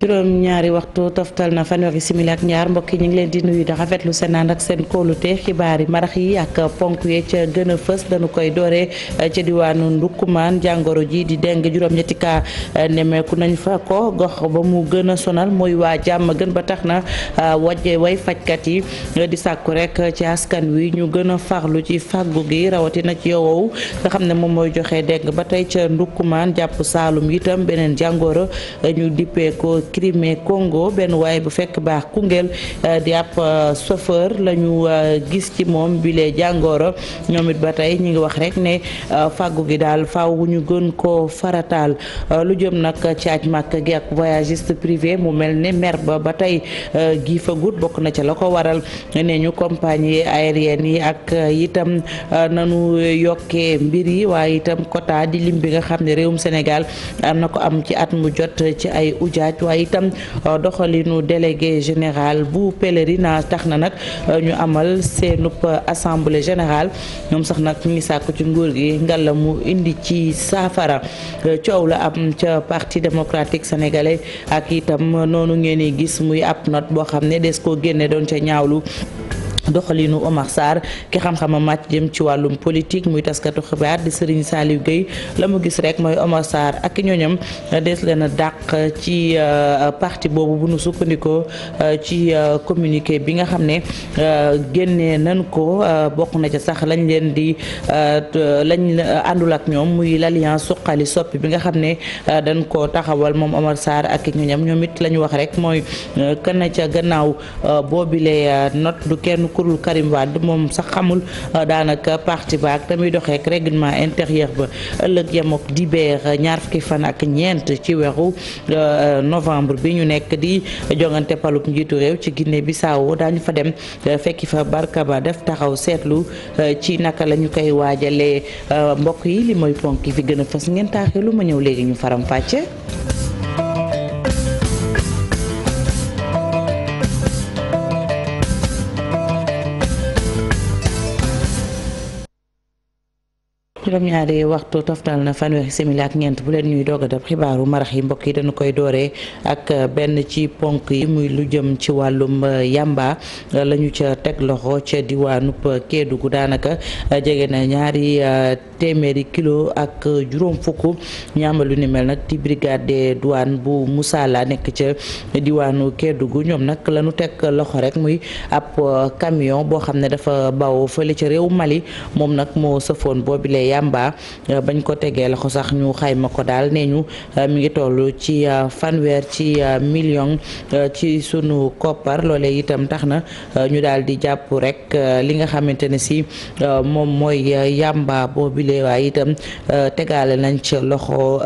juróom ñaari waxtu taftal na fanweeri simili ak ñaar mbokk yi ñu ngi leen di nuyu di rafetlu seen ak seen kóolute xibaar yi marax yi ak ponk ye ca gën a fës dañu koy dooree eh, ca diwaanu Ndukkumaan jàngoro ji di deng juróom-ñetti kaa eh, nemeeku nañ fa ko gox ba mu gën a sonal mooy waa jàmm gën ba tax na eh, wajje way fajkat yi di sàkku rek ci askan wi ñu gën a farlu ci fàggu gi rawatina ci yowow nga xam ne moom mooy joxe deng ba tey ca Ndukkumaan jàpp Saalum itam beneen jàngoro Crimée Congo benn waaye bu fekk baax Koungheul euh, di ab euh, chauffeur la ñu euh, gis ci moom bile jàngooro ñoom it ba tey ñu ngi wax rek ne fàggu gi daal faaw ñu gën koo farataal lu jëm nag caaj màkk gi ak voyagiste privé mu mel ne mer ba ba tey gii fagut bokk na ca la ko waral ñu compagnie aérienne yi ak itam nanu yokkee mbir yi waaye itam quota di lim bi nga xam ne réewum Sénégal na ko am ci at mu jot ci ay ujaaj waaye itam euh, doxalinu délégué général bu pèlerinage tax na nag euh, ñu amal seenub euh, assemblée général ñoom sax nag ñu ngi sàkk ci nguur gi ngalla mu indi ci saafara coow la am ca parti démocratique sénégalais ak itam noonu ngeen gis muy ab not boo xam ne des koo génne doon ca ñaawlu doxalinu Omar Sarr ki xam-xama màcc jëm ci wàllum politique muy taskatu xibaar di Serigne Saliou Gueye la gis rek mooy Omar saar ak ñooñam euh, des leen a dàq ci euh, parti boobu bu nu sukkandikoo euh, ci communiqué bi nga xam ne génnee nan ko bokk na ca sax lañ leen di lañ àndul ak ñoom muy l'alliance suqali soppi bi nga xam ne dañ koo taxawal moom Omar Sarr ak ñooñam ñoom it la ñu wax rek mooy kenn ca gannaaw boobile not du kenn kurul Karim Wade moom sax xamul euh, daanaka parti ba ak tamit doxeek règlement intérieur ba ëllëg yem di dibeer euh, ñaar fukki fan ak ñeent ci weeru euh, novembre bi ñu nekk di jongante palub njiitu réew ci Guinée Bissau daañu fa dem fekki fa barka ba def taxaw seetlu ci naka la ñu koy waajalee mbokk yi li mooy ponk yi fi gën a fës ngeen taaxee lu ma ñëw léegi ñu faram fàcce juróom-ñaari waxtu toftal na fanweeri simili ak ñeent bu leen ñuy doog a dab xibaaru marax yi mbokk yi dañu koy dooree ak benn ci ponk yi muy lu jëm ci wàllum eh, yàmba eh, la ñu ca teg loxo ca diwaanub eh, Kédougou daanaka jege na ñaari téeméeri kilo ak juróom fukk ñaamba lu nag ci brigade des douanes bu Moussala nekk ca diwaanu Kédougou ñoom nag la ñu teg loxo rek muy ab camion boo xam ne dafa baw fële ca réew Mali moom nag moo sëfoon boobilee Yamba euh, bañ ko tegee loxo sax ñu xayma ko daal nee ñu euh, mi ngi toll ci euh, fanweer ci million ci sunu koppar loolee itam tax na ñu daal di jàpp rek li nga xamante ne si moom mooy Yamba boobule waaye itam tegaale nañ ci loxo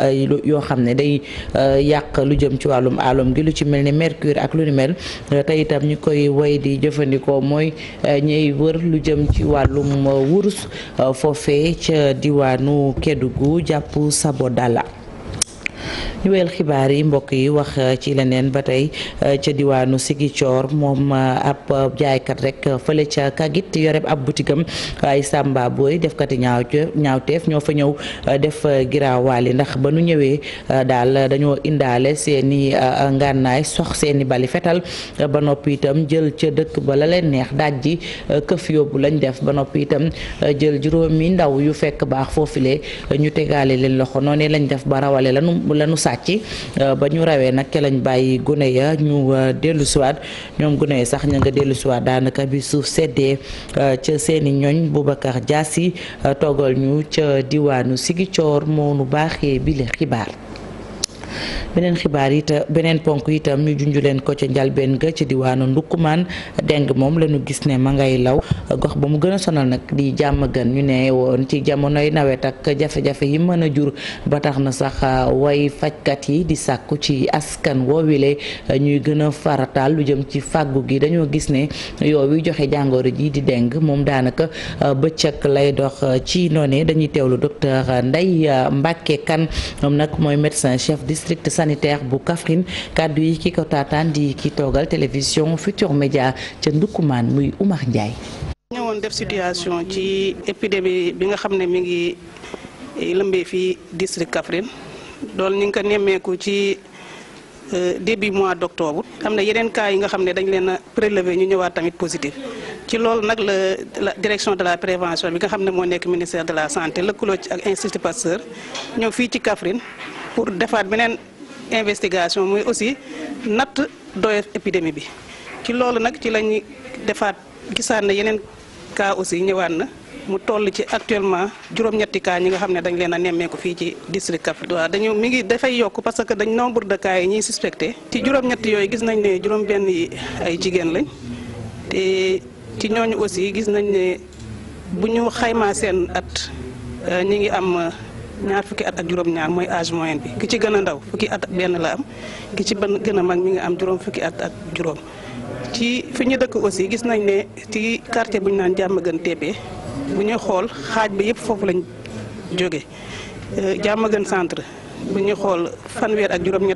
yoo xam ne day yàq lu jëm ci wàllum alom gi lu ci mel ne mercure ak lu ni mel te itam ñu koy woy di jëfandikoo mooy ñuy wër lu jëm ci wàllum wurus foofee ca diwaanu Kédougou jàpp Sabodala ñu wel xibaar yi mbokk yi wax uh, ci leneen ba tey uh, ca diwaanu Sigicoor moom uh, ab jaaykat rek fële ca Kagit yoreb ab butigam ay sàmba booy defkati kati ñaaw ñaawteef ñoo fa ñëw def giraawaali ndax ba nu ñëwee daal dañoo indaale seeni ngànnaay sox seeni bali fetal ba noppi itam jël ca dëkk ba la leen neex daaj ji këf yóbbu lañ def ba noppi itam jël juróomi ndaw yu fekk baax foofile ñu tegaale leen loxo noonu lañ def ba rawale lanu démb lanu sàcc euh, ba ñu rawee nag ke lañ bàyyi gune ya ñu euh, dellu siwaat ñoom gune ya sax ña nga dellu siwaat daanaka bi suuf seddee euh, ca seeni ñoñ Boubacar Diassi toggal ñu ca diwaanu Sigicoor moo nu baaxee bile xibaar beneen xibaar yi beneen ponk itam ñu junj leen ko ca njalbeen ga ci diwaanu ndukkumaan deng moom la ñu gis ne ma ngay law gox ba mu gën a sonal nag di jàmm gën ñu ne woon ci jamonoy nawet ak jafe-jafe yi mën a jur ba tax na sax ah, way fajkat yi di sàkku ci askan woowile ah, ñuy gën a farataal lu jëm ci fàggu gi dañoo gis ne yooyu joxe jàngoro ji di deng moom daanaka ah, bëccëg lay dox ci noone dañuy teewlu docteur Ndeye Mbacke Kane moom nag mooy médecin chef district sanitaire bu Kaffrine kàddu yi ki ko taataan di ki toogal télévision Futur Média ca Ndukkumaan muy Oumar Ndiaye. ñëwoon def situation ci épidémie bi nga xam ne mi ngi lëmbee fii district Kaffrine dool ñu ngi ko nemmeeku ci euh, début mois d' octobre am na yeneen cas yi nga xam ne dañ leen a prélever ñu ñëwaat tamit positif ci loolu nag la direction de la prévention bi nga xam ne moo nekk ministère de la santé lëkkaloo ci ak institut Pasteur ñëw fii ci Kaffrine pour investigation muy aussi natt doyof épidémie bi ci loolu nag ci lañuy defaat gisaat na yeneen cas aussi ñëwaat na mu toll ci actuellement juróom-ñetti cas ñi nga xam ne dañ leen a nemmeeku fii ci district Cap waaw dañu mi ngi dafay yokk parce que dañ nombre de cas yi ñuy suspecté ci juróom-ñetti yooyu gis nañ ne juróom-benn yi ay jigéen lañ te ci ñooñu aussi gis nañ ne bu ñu xaymaa seen at euh, ñi ngi am ñaar fukki at ak juróom-ñaar mooy âge moyen bi ki ci gën a ndaw fukki at benn la am ki ci ban gën a mag mi nga am juróom fukki at ak juróom ci fi ñu dëkk aussi gis nañ ne ci quartier bu ñu naan jàmm gën teebee bu ñuy xool xaaj bi yëpp foofu lañ jóge jàmm euh, gën centre bu ñuy xool fanweer ak juróom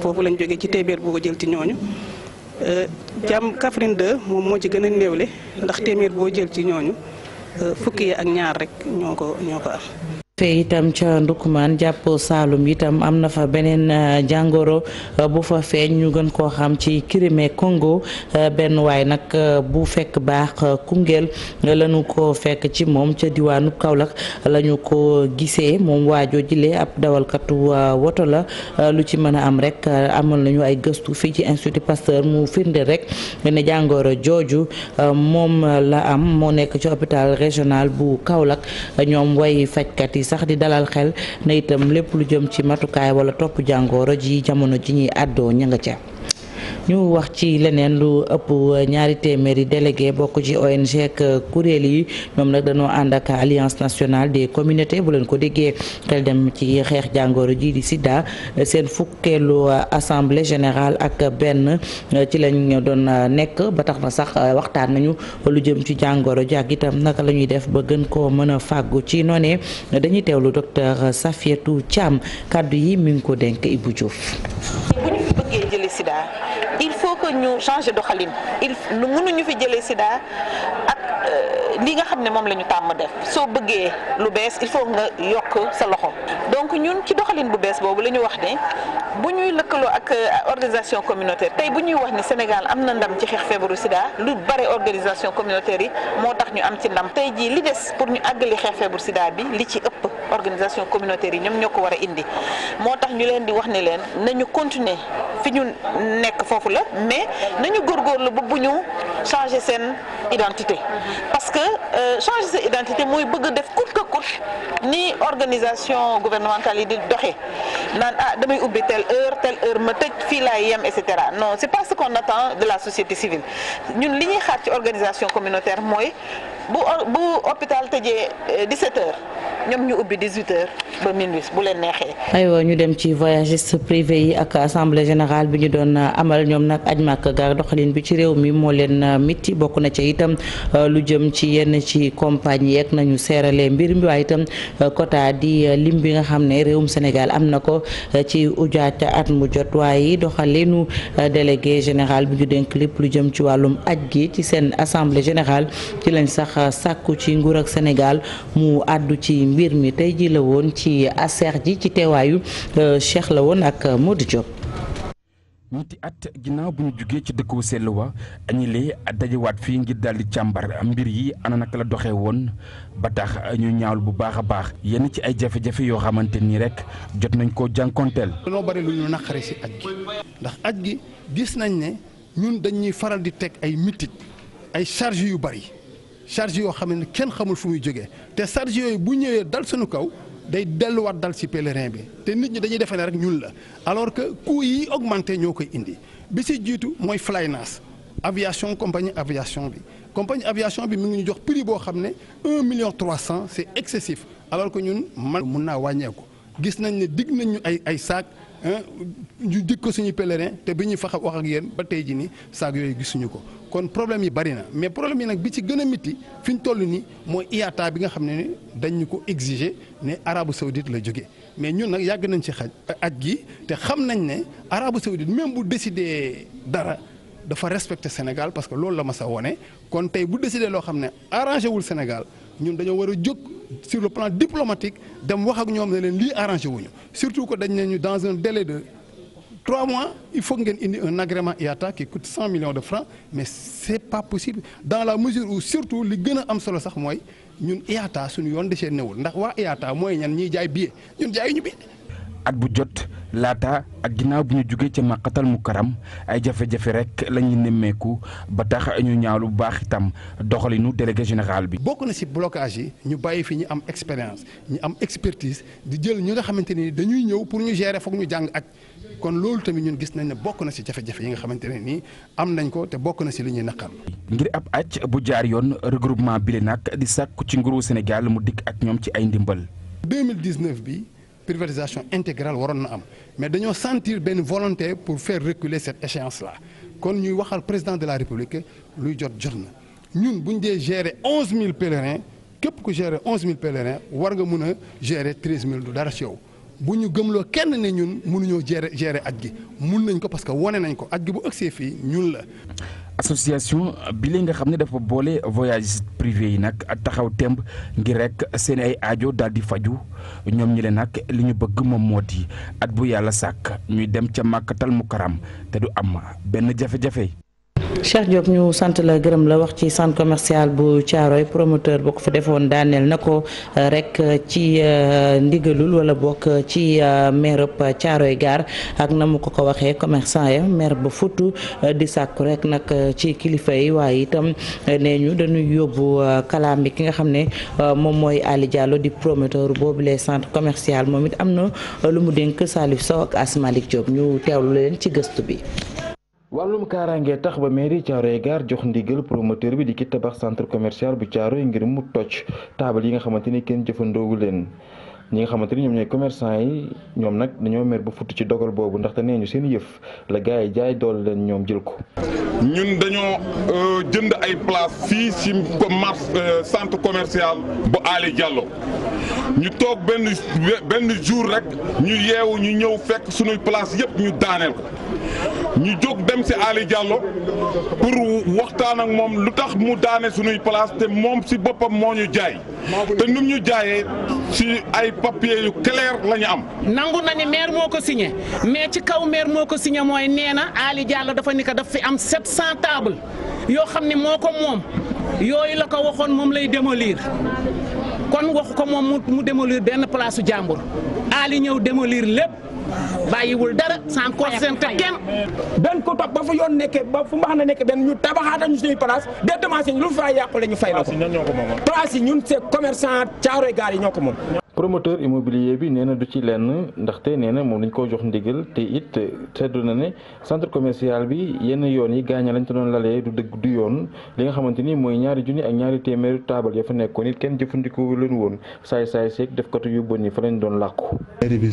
foofu lañ jóge ci téeméer boo jël ci ñooñu jàmm euh, Kaffrine 2 moom moo ci gën a néewle ndax téeméer boo jël ci ñooñu euh, fukki yi ak ñaar rek ñoo ñoo ko am fee itam ca Ndoukoumane jàpp Saalum itam am na fa beneen euh, jàngoro euh, bu fa feeñ ñu gën koo xam ci Crimée kongo euh, benn waay nag bu fekk baax Koungheul lañu ko fekk ci moom ca diwaanu Kaolack lañu ko gisee moom waajoo jile ab dawalkatu woto la lu ci mën a am rek amoon nañu ay gëstu fii ci Institut Pasteur mu firnde rek ne jàngoro jooju moom la am moo nekk ci hôpital régional bu Kaolack ñoom way fajkat sax di dalal xel na itam lépp lu jëm ci matukaay wala topp jàngoro ji jamono ji ñuy àddoo ña nga ca ñu wax ci leneen lu ëpp euh, ñaari téeméeri délégué bokk ci ONG ak euh, kuréel yi moom nag dañoo ànd ak alliance nationale des communauté bu leen ko déggee xel dem ci xeex jàngoro ji di Sida seen fukkeelu euh, assemblée générale ak benn ci lañ doon nekk ba tax na sax waxtaan nañu lu jëm ci jàngoro ji ak itam naka la ñuy def ba gën koo mën a fàggu ci noonee dañuy teewlu docteur Safiatou Thiam kàddu yi mi ngi ko dénk Ibou Diouf. bu ñu bëggee jëlee Sida. il faut que ñu changer doxalin il mënuñu fi jëlee sida ak euh, li nga xam ne moom la ñu tàmm def soo bëggee lu bees il faut nga yokk sa loxo donc ñun ci doxalin bu bees boobu la ñu wax ne bu ñuy lëkkaloo ak euh, organisation communautaire tey bu ñuy wax ne Sénégal am na ndam ci xeex feebaru sida lu bare organisation communautaire yi moo tax ñu am ci ndam tey jii li des pour ñu àggali xeex feebaru sida bi li ci ëpp organisation communautaire yi ñoom ñoo ko war a indi moo tax ñu leen di wax ne leen nañu continuer fi ñu nekk foofu la mais nañu góor góorgóorlu ba bu ñu changer seen identité parce que euh, changer seen identité mooy bëgg def coûte que coûte ni organisation gouvernementale yi di doxee naan ah damay ubbi telle heure telle heure ma tëj fii laay yem et cetera non c'est pas ce qu'on attend de la société civile ñun li ñuy xaar ci organisation communautaire mooy bu bu hôpital tëjee euh, ñoom ñu ubbi 18h ba minuit bu leen neexee. aywa ñu dem ci voyagiste privé yi ak assemblée générale bi ñu doon euh, amal ñoom nag aj màkk gaar doxalin bi ci réew mi moo leen euh, mitti bokk na ci itam euh, lu jëm ci yenn ci compagnie yeeg nañu seeralee mbir mi waaye itam quota di lim bi nga xam ne réewum Sénégal am na ko ci ujaat at mu jot waaye doxalinu délégué général bi ñu dénk lépp lu jëm ci wàllum aj gi ci seen assemblée général ci lañ sax sàkku ci nguur ak Sénégal mbir mi tey ji la woon ci aser ji ci teewaayu euh, Cheikh la woon ak euh, Modou Diop. ñetti at ginnaaw bu ñu jógee ci dëkku sell wa ñu lee dajewaat fii ngir daal di càmbar mbir yi ana naka la doxee woon ba tax ñu ñaawul bu baax a baax yenn ci ay jafe-jafe yoo xamante nii rek jot nañ ko jànkonteel. dañoo bari lu ñu naqare si aj gi ndax aj gi gis nañ ne ñun dañuy faral di teg ay mitit ay charge yu bari charge yoo xam ne kenn xamul fu muy jógee te charge yooyu bu ñëwee dal suñu kaw day delluwaat dal ci pèlerin bi te nit ñi dañuy defee ne rek ñun la alors que coût yi augmenté ñoo koy indi bi ci jiitu mooy Flynas aviation compagnie aviation bi compagnie aviation bi mu ngi ñu jox prix boo xam ne million trois cent c'est excessif alors que ñun man mun naa wàññeeku gis nañ ne digg nañ ñu ay ay saak ñu jëkk ko suñu pèlerin te bi ñuy fax wax ak yéen ba tey ji ni saag yooyu gisuñu ko kon problème yi bari na mais problème yi nag bi ci gën a miti fi ñu toll nii mooy iyaata bi nga xam ne ni dañu ko exiger ne arabu saoudite la jóge mais ñun nag yàgg nañ ci xaj aj gi te xam nañ ne arabu saoudite même bu décidé dara dafa respecté Sénégal parce que loolu la ma sa wone kon tey bu décidé loo xam ne arrangé wul Sénégal ñun dañoo war a jóg sur le plan diplomatique dem wax ak ñoom ne leen lii arrangé wuñu surtout que dañ ne ñu dans un délai de trois mois il faut ngeen indi un agrément IATA qui coûte cent millions de francs mais c'est pas possible dans la mesure où surtout li gën a am solo sax mooy ñun IATA suñu yoon de chez newul ndax waa IATA mooy ñan ñiy jaay billet ñun jaayuñu billet at bu jot laata ak ginnaaw bu ñu jógee ci màqatal mu karam ay jafe-jafe rek la ñuy nemmeeku ba tax ñu ñaaw lu baax itam doxalinu délégué général bi. bokk na ci blocage yi ñu bàyyi fi ñu am expérience ñu am expertise di jël ñi nga xamante ni dañuy ñëw pour ñu gérer foog ñu jàng ak kon loolu tamit ñun gis nañ ne bokk na ci jafe-jafe yi nga xamante ne nii am nañ ko te bokk na ci li ñuy naqar. ngir ab àcc bu jaar yoon regroupement bi nag di sàkku ci nguuru Sénégal mu dikk ak ñoom ci ay ndimbal. 2019 bi. privatisation intégrale waroon na am mais dañoo sentir benn volonté pour faire reculer cette échéance là kon ñuy waxal président de la république luy jot jot na ñun bu ñu dee gérer onze mille pèlerins képp ku gérer onze mille pèlerins war nga mun a gérer treize mille du dara si ow bu ñu gëmloo kenn ne ñun mënuñoo gérer gérer at gi mun nañ ko parce que wane nañ ko at gi bu ëgsee fii ñun la. association bi la nga xam ne dafa boole voyage privé yi nag taxaw temb ngir rek seen ay aajo daal di faju ñoom ñi le nag li ñu bëgg moom moo di at bu yàlla sàkk ñuy dem ca màkkatal mu karam te du am benn jafe-jafe. Cheikh Diop ñu sant la gërëm la wax ci centre commercial bu Thiaroye promoteur boo ko fa defoon daaneel na ko euh, rek euh, ci euh, ndigalul wala bokk ci maire Thiaroye Gare ak na mu ko ko waxee commerçant ya maire ba futu di sàkku rek nag ci kilifa yi waaye itam nee ñu dañuy yóbbu kalaam bi ki nga xam ne moom mooy Ali Diallo di promoteur boobu les centre commercial moom it am na lu mu dénk Salif Sow ak Asmalik Diop ñu teewlu leen ci gëstu bi. wàllum kaaraange tax ba mairie Thiaroye Gare jox ndigal promoteur bi di ki tabax centre commercial bu Thiaroye ngir mu toj taabal yi nga xamante ni kenn jëfandoowu leen ñi nga xamante ni ñoom ñooy commerçant yi ñoom nag dañoo mer ba futt ci dogal boobu ndaxte nee ñu seen yëf la gars yi jaay doole leen ñoom jël ko. ñun dañoo euh, jënd ay place fii si commerce euh, centre commercial bu Ali Diallo ñu toog benn benn jour rek ñu yeewu ñu ñëw fekk suñuy place yëpp ñu daaneel ko ñu jóg dem si Ali Diallo pour waxtaan ak moom lu tax mu daane suñuy place te moom si boppam moo ñu jaay te num ñu jaayee si ay. papier yu lañu am. nangu na ni maire moo ko signé mais ci kaw maire moo ko signé mooy nee na Ali Diallo dafa ni ko daf fi am 700 table yoo xam ne moo ko moom yooyu la ko waxoon moom lay démolir. kon waxu ko moom mu démolir benn place su jàmbur Ali ñëw démolir lépp. bàyyiwul dara sans consente kenn dañ ko topp ba fa ba fu mbax na nekkee benn ñu tabaxaata ñu suñuy place directement si lu fay yàqu la ñu fay ko place yi ñun c'est commerçant caaroy gaar yi ñoo ko moom promoteur immobilier bi nee na du ci lenn ndaxte nee na moom dañ koo jox ndigal te it seddu na ne centre commercial bi yenn yoon yi gaaña lañ te doon lalee du dëgg du yoon li nga xamante ni mooy ñaari junni ak ñaari téeméeri taabal ya fa nekkoon it kenn jëfandikoo leen woon saay saay seeg def katu yu bon yi fa lañ doon làkku. mairie bi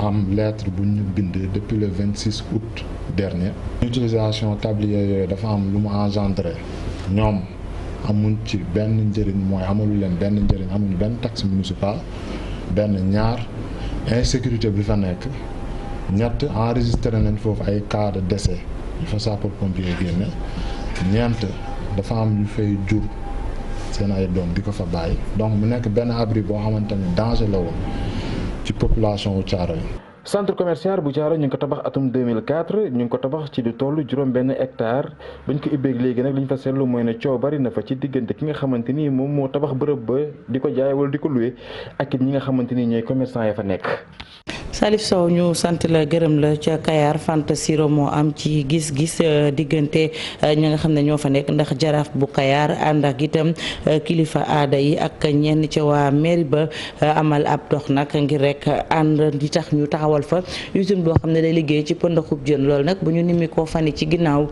am lettre bu ñu bindee depuis le 26 août dernier utilisation tablier yooyu dafa am lu mu engendré ñoom amuñ ci benn njëriñ mooy amalu leen benn njëriñ amuñu benn taxe municipale benn ñaar insécurité bi fa nekk ñett enregistré nañ foofu ay cas de décès yu fa sapeur génne ñeent dafa am yu fay jur seen ay doom di ko fa bàyyi donc mu nekk benn abri boo xamante ni danger la woon ci population wu Thiaroye centre commercial bu Thiaroye ñu ngi ko tabax atum 2004 ñu ngi ko tabax ci lu toll juróom benn hectare bañ ko ubbeeg léegi nag li ñu fa seetlu mooy na coow bari na fa ci diggante ki nga xamante ni moom moo tabax bërëb ba di ko jaay wala di ko luwe ak it ñi nga xamante ni ñooy commerçant ya fa nekk. Salif Sow ñu sant la gërëm la ca Kayar Fanta Siro moo am ci gis-gis euh, diggante euh, ñi nga xam ne ñoo fa nekk ndax jaraaf bu kayaar ànd ak itam euh, kilifa aada yi ak ñenn ca waa ba amal ab dox nag ngir rek ànd di tax ñu taxawal fa usine boo xam ne day liggéey ci pënd pëndaxub jën lool nag bu ñu nimmi koo fani ci ginnaaw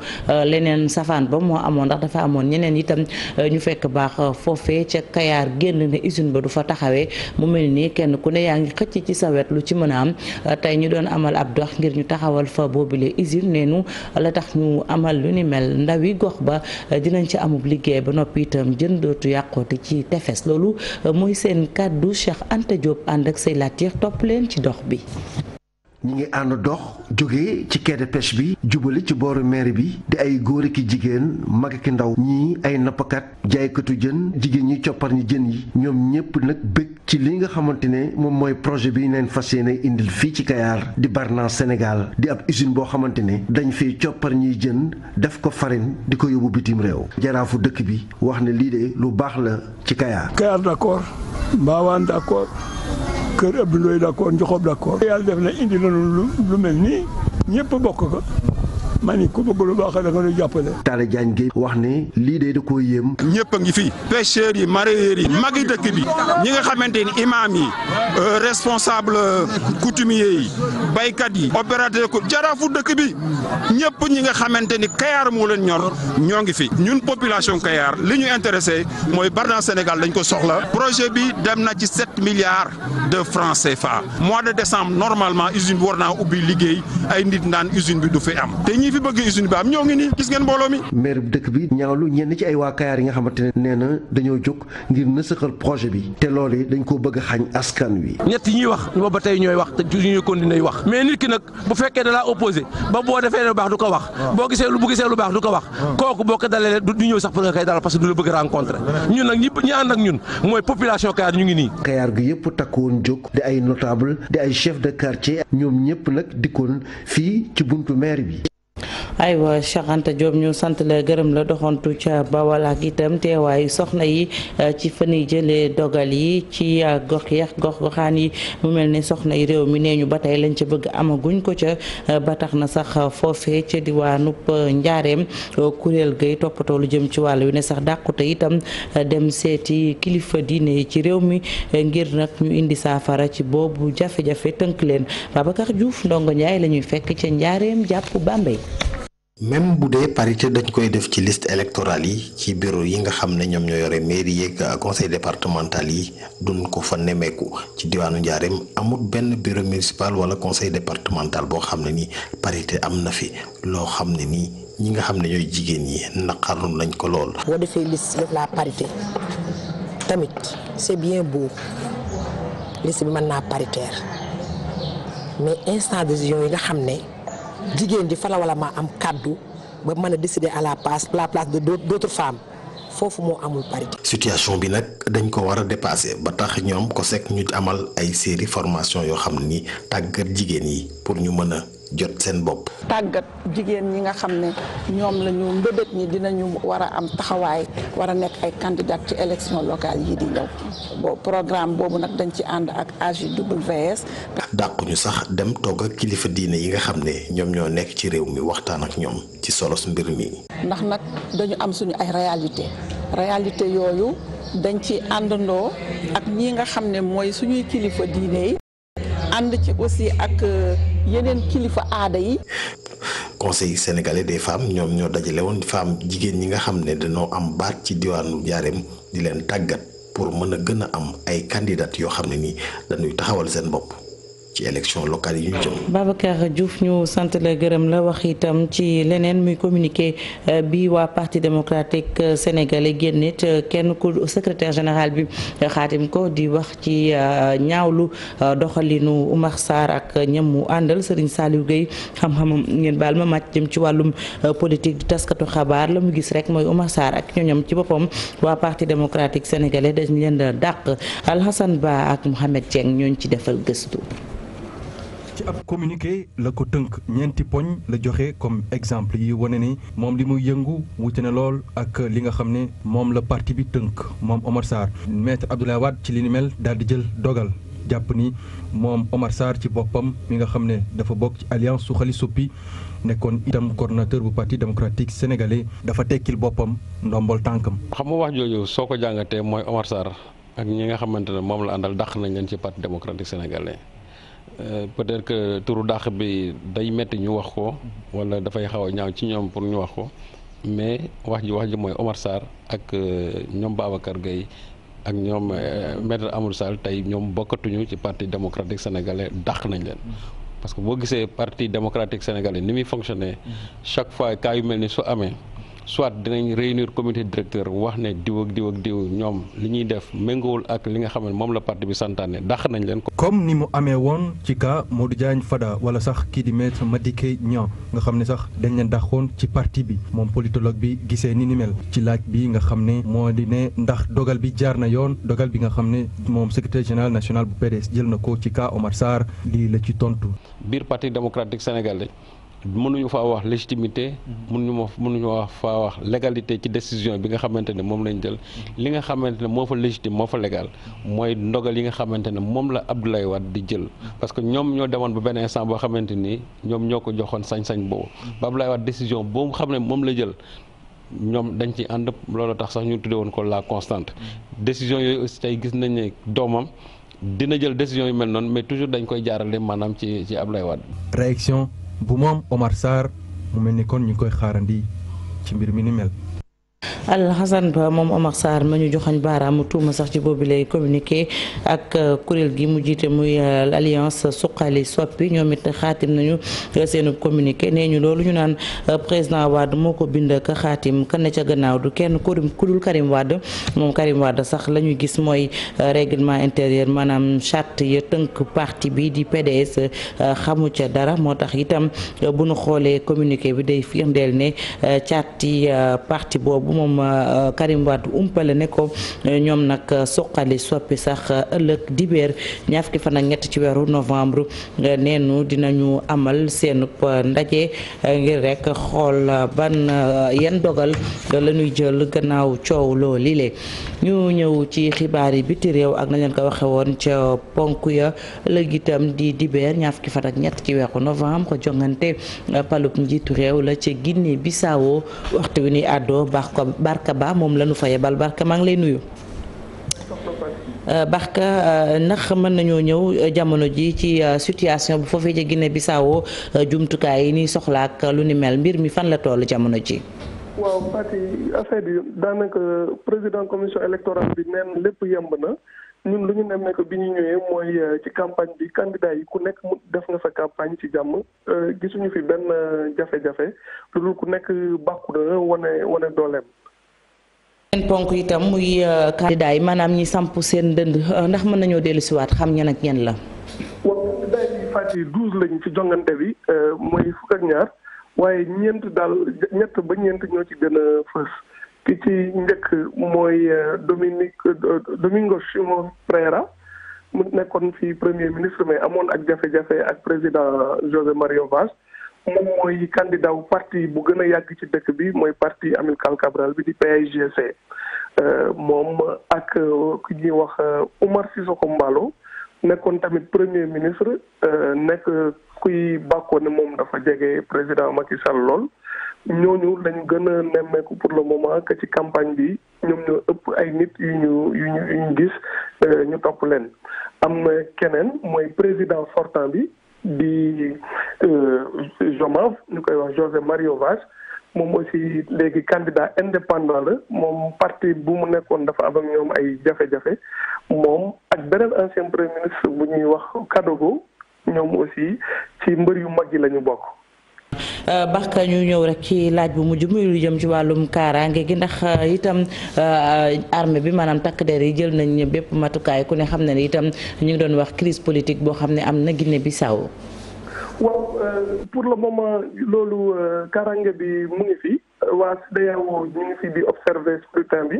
leneen safaan ba moo amoon ndax dafa amoon ñeneen itam ñu fekk baax foofee ca Kayar génn ne usine ba du fa taxawe mu mel nii kenn ku ne yaa ngi ci sa lu ci mën a am Euh, tey ñu doon amal ab dox ngir ñu taxawal fa boobule usine neenu la tax ñu amal lu ni mel ndawi gox ba euh, dinañ ci amub liggéey ba noppi itam jëndootu yàqooti ci tefes loolu euh, mooy seen kàddu Cheikh Anta Diop ànd ak say latir topp leen ci dox bi ñi ngi ànd dox jóge ci quai de pêche bi jubale ci booru mairie bi di ay góor ki jigéen mag ak ndaw ñii ay nappkat jaaykatu jën jigéen ñi coppar ñi jën yi ñoom ñëpp nag bëgg ci li nga xamante ne moom mooy projet bi neen fas yéene indil fii ci Kayar di Barna Sénégal di ab usine boo xamante ne dañ fiy coppar ñiy jën def ko farine di ko yóbbu bitim réew jaraafu dëkk bi wax ne lii de lu baax la ci Kayar Kayar d'accord Mbaawaan d'accord kër Abdoulaye d'accord Ndiokhop d'accord yàlla def na indi na lu mel nii ñëpp bokk ko ma ni ku bëgg lu baax da nga doon jàppale. Talla Diagne wax ne lii de ko koo yéem. ñëpp a ngi fi pêcheurs yi mareyeurs yi magi dëkk bi ñi nga xamante ni imaam yi euh, responsable euh, coutumier yi baykat yi opérateur ko jaraafu dëkk bi ñëpp ñi nga xamante ni Kayar moo leen ñor ñoo ngi fi ñun population Kayar li ñu intéressé mooy Bardan Sénégal dañ ko soxla projet bi dem na ci sept milliards de francs CFA mois de décembre normalement usine bi war naa ubbi liggéey ay nit naan usine bi du fi am ñi fi bëgg usine am ñoo ngi nii gis ngeen mbooloo mi. maire dëkk bi ñaawlu ñenn ci ay waa Kayar yi nga xamante ne nee na dañoo jóg ngir nësaxal projet bi te loolu dañ koo bëgg a xañ askan wi. ñett yi ñuy wax ñu ba tey ñooy wax te du ñuy continuer wax mais nit ki nag bu fekkee da laa opposé ba boo defee lu baax du ko wax. boo gisee lu bu gisee lu baax du ko wax. kooku boo ko dalee du ñëw sax pour nga koy dalal parce que du la bëgg rencontrer ñun nag ñi ànd ak ñun mooy population Kayar ñu ngi nii. kayaar gi yëpp takkoon jóg di ay notable di ay chef de quartier ñoom ñëpp nag dikkoon fii ci buntu maire bi aywa Cheikh jom Diop ñu sant la gërëm la doxantu ca Bawal ak itam teewaayu soxna yi eh, ci fan yi jëlee dogal yi ci eh, gox yax gox goxaan yi mu mel ni soxna yi réew mi nee ñu ba tey lañ ca bëgg amaguñ ko ca eh, batax na sax foofee ca diwaanub njaareem kuréel gay toppatoo lu jëm ci wàll wi ne sax dàqute itam dem seeti kilifa diine yi ci réew mi ngir nag ñu indi saafara ci boobu jafe-jafe tënk leen Babacar juuf ndongo Ndiaye lañuy fekk ca njaareem jàpp Bambey. même bu dee parité dañ koy def ci liste électorale yi ci bureau yi nga xam ne ñoom ñoo yore mairie yeeg conseil départemental yi duñ ko fa nemmeeku ci diwaanu Njaareem amut benn bureau municipal wala conseil départemental boo xam ne ni parité am na fi loo xam ne nii ñi nga xam ne ñooy jigéen ñi naqarlu nañ ko lool. boo defee liste def la parité tamit c'est bien beau liste bi mën naa paritaire mais instant décision yi nga xam ne. jigéen ji fa la wala ma am kàddu ba mën a décider à la place la place de d' autres femmes foofu moo amul parité. situation bi nag dañ ko war a dépasser ba tax ñoom ko sekk ñu amal ay série formation yoo xam ni kër jigéen yi pour ñu mën a jot seen bopp. tàggat jigéen ñi nga xam ne ñoom lañu mbëbët ñi dinañu war a am taxawaay war a nekk ay candidat ci élection locale yi di ñëw bo programme boobu nag dañ ci ànd ak agi AJWS. dàquñu sax dem toog ak kilifa diine yi nga xam ne ñoom ñoo nekk ci réew mi waxtaan ak ñoom ci solos mbir mi. ndax nag dañu am suñu ay réalité réalité yooyu dañ ci àndandoo ak ñi nga xam ne mooy suñuy kilifa diine yi. ànd ci aussi ak euh, yeneen kilifa aada yi. conseil sénégalais des femmes ñoom ñoo dajale woon femmes jigéen ñi nga xam ne dañoo am baat ci diwaanu jaareem di leen tàggat pour mën a gën a am ay candidat yoo xam ne nii dañuy taxawal seen bopp. ci élection locale yi ñu jëm. Babacar Diouf ñu sant la gërëm la wax itam ci leneen muy communiqué euh, bi waa parti démocratique euh, sénégalais génnit euh, kenn ku secrétaire général bi xaatim ko di wax ci ñaawlu doxalinu Oumar Sarr ak ñam mu àndal Serigne Saliou Gueye xam-xamam ngeen baal ma màcc ci wàllum politique di taskatu xabaar la mu gis rek mooy Oumar Sarr ak ñoñom ci boppam waa parti démocratique sénégalais dañ leen dàq Alhassane Ba ak Mohamed Dieng ñooñ ci defal gëstu. ci ab communiqué la ko tënk ñeenti poñ la joxe comme exemple yi wane ni moom li muy yëngu wute na lool ak li nga xam ne moom la parti bi tënk moom Omar Sarr maître Abdoulaye Wade ci li ni mel daal di jël dogal jàpp ni moom Omar Sarr ci boppam mi nga xam ne dafa bokk ci alliance Suxali Suppi nekkoon itam coordonnateur bu parti démocratique sénégalais dafa tekkil boppam ndombol tànkam. xam nga wax jooju soo ko jàngatee mooy Omar Sarr ak ñi nga xamante ne moom la àndal dàq nañ leen ci parti démocratique sénégalais. Euh, peut-être que tour dàq bi day metti ñu wax ko walla dafay xaw a ñaaw ci ñoom pour ñu wax ko mais wax ji wax ji mooy Omar Sarr ak euh, ñoom Babacar Gueye ak ñoom euh, maître Amadou Sall tey ñoom bokkatuñu ci parti démocratique sénégalais dàq nañ leen. parce que boo gisee parti démocratique sénégalais ni muy fonctionner mm-hmm. chaque fois cas yu mel ni su amee. soit dinañ réunir comité directeur wax ne diw ak diw ak diw ñoom li ñuy def méngoowul ak li nga xam ne moom la parti bi santaane dàq nañ leen ko. comme ni mu amee woon ci cas Modou Diagne Fada wala sax kii di maître Madické Niang nga xam ne sax dañ leen dàqoon ci parti bi moom politologue bi gisee ni ni mel ci laaj bi nga xam ne moo di ne ndax dogal bi jaar na yoon dogal bi nga xam ne moom secrétaire général national bu PDS jël na ko ci cas Omar Sarr lii la ci tontu. biir parti démocratique sénégalais mënuñu faa wax légitimité. Mhm. mënuñu ma mënuñu wax faa wax légalité ci décision bi nga xamante ne moom lañ jël. Mhm. li nga xamante ne moo fa légitime moo fa légal mhm. mooy ndogal yi nga xamante ne moom la Abdoulaye Wade di jël. parce que ñoom ñoo demoon bu beneen instant boo xamante ni ñoom ñoo ko joxoon sañ-sañ boobu. ba Abdoulaye waat décision boobu xam ne moom la jël. ñoom dañ ci ànd loolu tax sax ñu tuddee woon ko la constante décision yooyu aussi tey gis nañ ne doomam dina jël décision yu mel noonu mais toujours dañ koy jaarale maanaam ci ci Ablaye Wade réaction bu moom Omar Sarr mu mel ni kon ñu koy xaarandi ci mbir mi ni mel. Alhassane Ba moom Omar Sarr ma ñu joxoñ baaraamu tuuma sax ci boobu lay communiqué ak euh, kuréel gi mu jiite muy euh, alliance suqali soppi ñoom it xaatim nañu euh, seen communiqué nee ñu loolu ñu naan président Wade moo ko bind ak xaatim kan ca gannaaw du kenn ku dul Karim Wade moom Karim Wade sax la ñu gis mooy règlement intérieur maanaam chart ya tënk parti bi di PDS xamu ca dara moo tax itam bu nu xoolee communiqué bi day firndeel ne charte parti boobu moom euh, Karim Wade umpale ne euh, ñoom nag euh, suqali soppi sax ëllëg dibeer ñaar fukki fan ak ñett ci weeru novembre dina ñu amal seen ndaje ngir rek xool ban yan dogal la ñuy jël gannaaw coow loo lile ñu ñëw ci xibaar yi biti réew ak nañ leen ko waxe woon ca ponk ya ëllëg itam di dibeer ñaar fukki fan ak ñett ci weeru novembre ko jongante palub njiitu réew la ca Guinée Bissau waxtu wi ni àddoo baax ko Barka Ba moom la ñu fa yebal Barka maa ngi lay nuyu. Euh, Barka euh, ndax mën nañoo ñëw euh, jamono ji ci situation bu foofee ca Guinée Bissau jumtukaay yi ni soxla ak lu ni mel mbir mi fan la toll jamono ji waaw Faty affaire bi daanaka président commission électorale bi neen lépp yemb na ñun lu ñu nekk bi ñu ñëwee mooy ci campagne bi candidat yi ku nekk mu def nga sa campagne ci jàmm gisuñu fi benn jafe-jafe lu dul ku nekk bàkku na wane wane dooleem seen ponk itam muy euh, candidat yi maanaam ñi samp seen dënd euh, ndax mën nañoo dellu siwaat xam ñan ak ñan la waaw douze lañ ci jongante bi euh, mooy fukk ak ñaar waaye ñeent daal ñett ba ñeent ñoo ci gën a fës ki ci njëkk mooy Dominique Domingo Simão Pereira mu nekkoon fi premier ministre mais amoon ak jafe-jafe ak président José Mario Vaz moom mooy candidat wu parti bu gën a yàgg ci dëkk bi mooy parti Amilcar Cabral bi di PAIGC euh, moom ak euh, ki ñuy wax euh, Oumar Sissoko Mbalo nekkoon tamit premier ministre nekk kuy bàkkoo ne moom dafa jege président Macky Sall lool ñu lañu gën a nemmeeku pour le moment que ci campagne bi ñoom ñoo ëpp ay nit yu ñu yu ñu yu ñu gis ñu topp leen am na keneen mooy président sortant bi di Jomav ñu koy wax José Mario Vaz moom aussi léegi candidat indépendant la moom parti bu mu nekkoon dafa am ak ñoom ay jafe-jafe moom ak beneen ancien premier ministre bu ñuy wax Kadogo ñoom aussi ci mbër yu mag yi la ñu bokk. Euh, Barka ñu ñëw rek ci laaj bu mujj muy lu jëm ci wàllum kaaraange gi ndax euh, itam euh, armée bi maanaam takk der yi jël nañ bépp matukaay ku ne xam ne itam ñu ngi doon wax crise politique boo xam ne am na Guinée Bissau waaw euh, pour le moment loolu euh, karange bi mu ngi fi waa CEDEAO ñu ngi fi di observer scrutin bi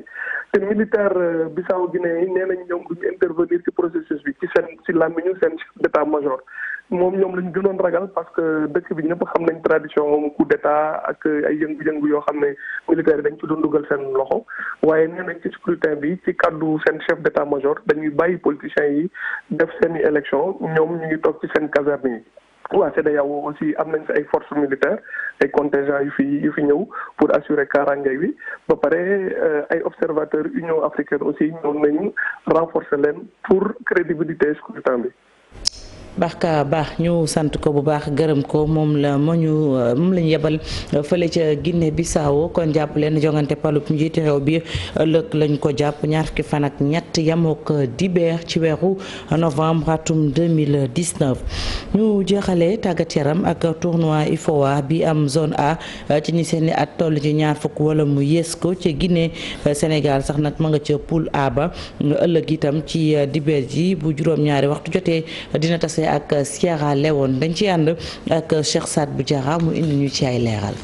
te militaire euh, Bissau Guinée yi nee nañ ñoom duñu intervenir ci processus bi ci seen ci làmmiñu seen chef d'état major moom ñoom lañ gënoon ragal parce que dëkk bi ñëpp xam nañ tradition moom coup d'état ak ay yëngu-yëngu yoo xam ne militaire yi dañ ci doon dugal seen loxo waaye nee nañ ci scrutin bi ci kàddu seen chef d'état major dañuy bàyyi politiciens yi def seen i ñoom ñu ngi toog ci seen caserne yi waa CEDEAO aussi am nañ fi ay forces militaires ay contingents yu fi yu fi ñëw pour assurer kaaraange wi ba pare euh, ay observateurs Union africaine aussi ñëw nañu renforcer leen pour crédibilité scrutin bi. Barka baax ñu sant ko bu baax gërëm ko moom la ma ñu moom lañu ñu yebal fële ca Guinée Bissau kon jàpp leen jongante njiit njiiti réew bi ëllëg lañ ko jàpp ñaar fukki fan ak ñett yamook dibeer ci weeru novembre atum 2019 ñu jeexale tàggat yaram ak tournoi IFOA bi am zone A ci ñi seeni at toll ci ñaar fukk wala mu yées ko ci ginne Sénégal sax nag ma nga ca poule A ba ëllëg itam ci dibeer ji bu juróom-ñaari waxtu jotee dina tase ak Sierra Leone dañ ci ànd ak Cheikh Saad bu Diarra mu indi ñu ci ay leeral.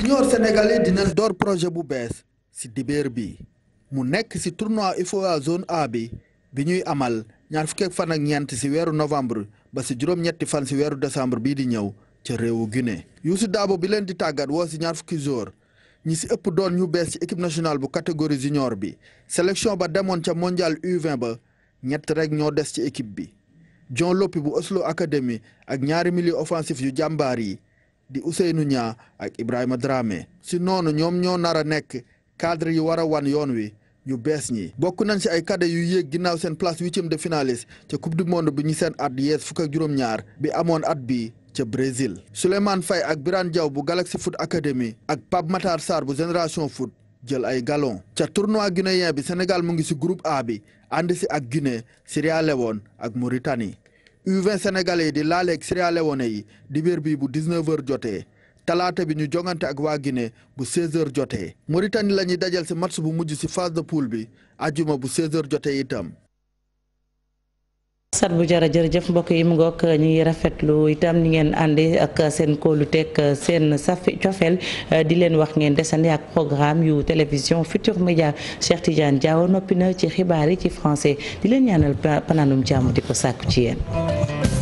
junior sénégalais dina door projet bu bees ci dibéer bi mu nekk ci tournoi fois zone A bi bi ñuy amal ñaar fukki fan ak ñeent ci weeru novembre ba ci juróom-ñetti fan ci weeru décembre bii di ñëw ca réewu Guinée. si daabo bi leen di tàggat woo ci ñaar fukki jour ñi ci ëpp doon ñu bees ci équipe nationale bu catégorie junior bi selection ba demoon ca mondial u ba ñett rekk ñoo des ci équipe bi. John Lopy bu Oslo Academy ak ñaari milieu offensif yu jàmbaar yi di Ousseynou ñaa ak Ibrahima Dramé si noonu ñoom ñoo nar a nekk cadre yi war a wan yoon wi yu bees ñi bokk nañ si ay cadre yu yéeg ginnaaw seen place huitième de finaliste ca coupe du monde bi ñu seen at yees fukk ñaar bi amoon at bi ca Brésil Souleymane fay ak Birane Diaw bu Galaxy Foot Academy ak Pape Matar Sarr bu Génération Foot jël ay galon ca tournoi guinéen bi Sénégal mu ngi si groupe A bi ànd si ak Guinée Sierra Leone ak Mauritanie U20 yi di laaleeg Sierra Leone yi dibéer bii bu 19h jotee talaata bi ñu jongante ak waa gine bu 16h jotee Mauritanie la ñuy dajal si match bu mujj si phase de poule bi ajuma bu 16h jotee itam. sat bu jara jërëjëf mbokk yi mu ngoog ñu ngi rafetlu itam ni ngeen àndi ak seen kóoluteeg seen safi cofeel eh, di leen wax ngeen desandi ak programme yu télévision Futur Média Cheikh Tidiane Diaw noppi na ci xibaar yi ci français di leen ñaanal panaanum jàmm di ko sàkku ci yéen